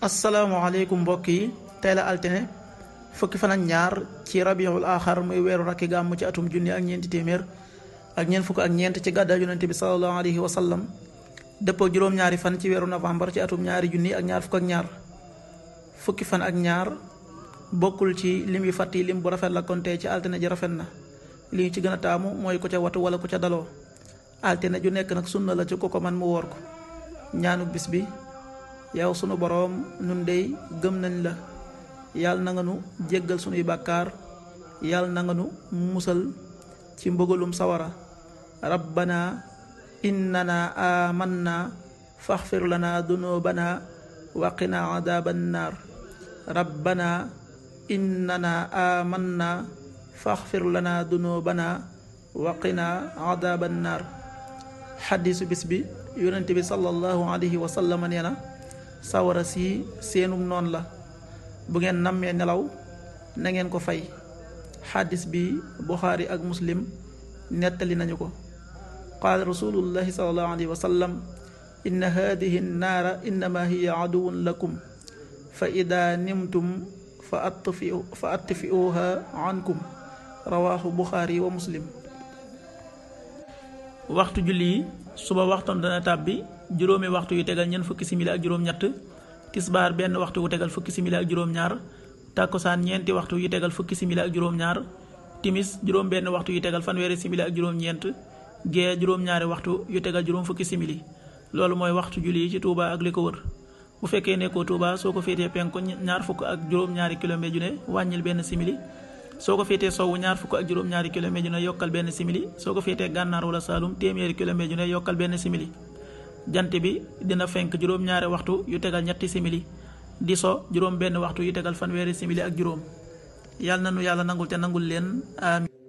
asalaamaaleykum mbokk yi tey la altine fukki fan ak ñaar ci rabiul axar muy weeru rakki gàmmu ci atum junni ak ñeenti téeméer ak ñeent fukk ak ñeent ci gàddaa bi salallahu alayhi sallam dëppoo juróom-ñaari fan ci weeru novembre ci atum ñaari junni ak ñaar fukk ak ñaar fukki fan ak ñaar bokkul ci lim yu fàtt lim bu rafet la kon ci altine ji rafet na li ñu ci gën a taamu mooy ko ca watu wala ko ca daloo altine ju nekk nag sunna la ci ko man mu woor ko ñaanu bis bi yow sunu boroom nun dey gëm nañ la yàlla na nga nu jéggal sunuy bàkkaar yàlla na nga nu musal ci mbëgalum sawara rabbana innana amanna faxfir lana dunubana wa qina adaaban naar rabbana innana amanna faxfir lana dunubana wa qina adaaban naar xadiisu bis bi yonente bi sallallahu alayhi wa sallam sawara si seenum noon la bu ngeen nammee nelaw na ngeen ko fay xaddis bi buxaari ak muslim nettali nañu ko qaala rasulullahi salallahu alayhi wa sallam inna hadihi nnaara innama hiya aduwun lakum fa ida nimtum fa atfi fa atfiuha ankum buxaari wa muslim waxtu julli yi suba waxtoon dana tàbbi juróomi waxtu yu tegal ñeent fukki simili ak juróom-ñett tisbaar benn waxtu wu tegal fukki simili ak juróom-ñaar tàkkusaan ñeenti waxtu yu tegal fukki simili ak juróom-ñaar timis juróom benn waxtu yu tegal fanweeri simili ak juróom-ñeent gee juróom-ñaari waxtu yu tegal juróom fukki simili loolu mooy waxtu julli yi ci Touba ak li ko wër bu fekkee nekkoo Touba soo ko féetee penku ñaar fukk ak juróom-ñaari kilomètre ju ne wàññil benn simili soo ko féetee sowwu ñaar fukk ak juróom-ñaari kilomètre ju ne benn simili soo ko féetee gànnaar wala Saalum téeméeri kilomètre ju ne yokkal benn simili jant bi dina fenk juróom-ñaari waxtu yu tegal ñetti simili di so juróom benn waxtu yu tegal fanweeri simili ak juróom yàlla na nu yàlla nangul te nangul leen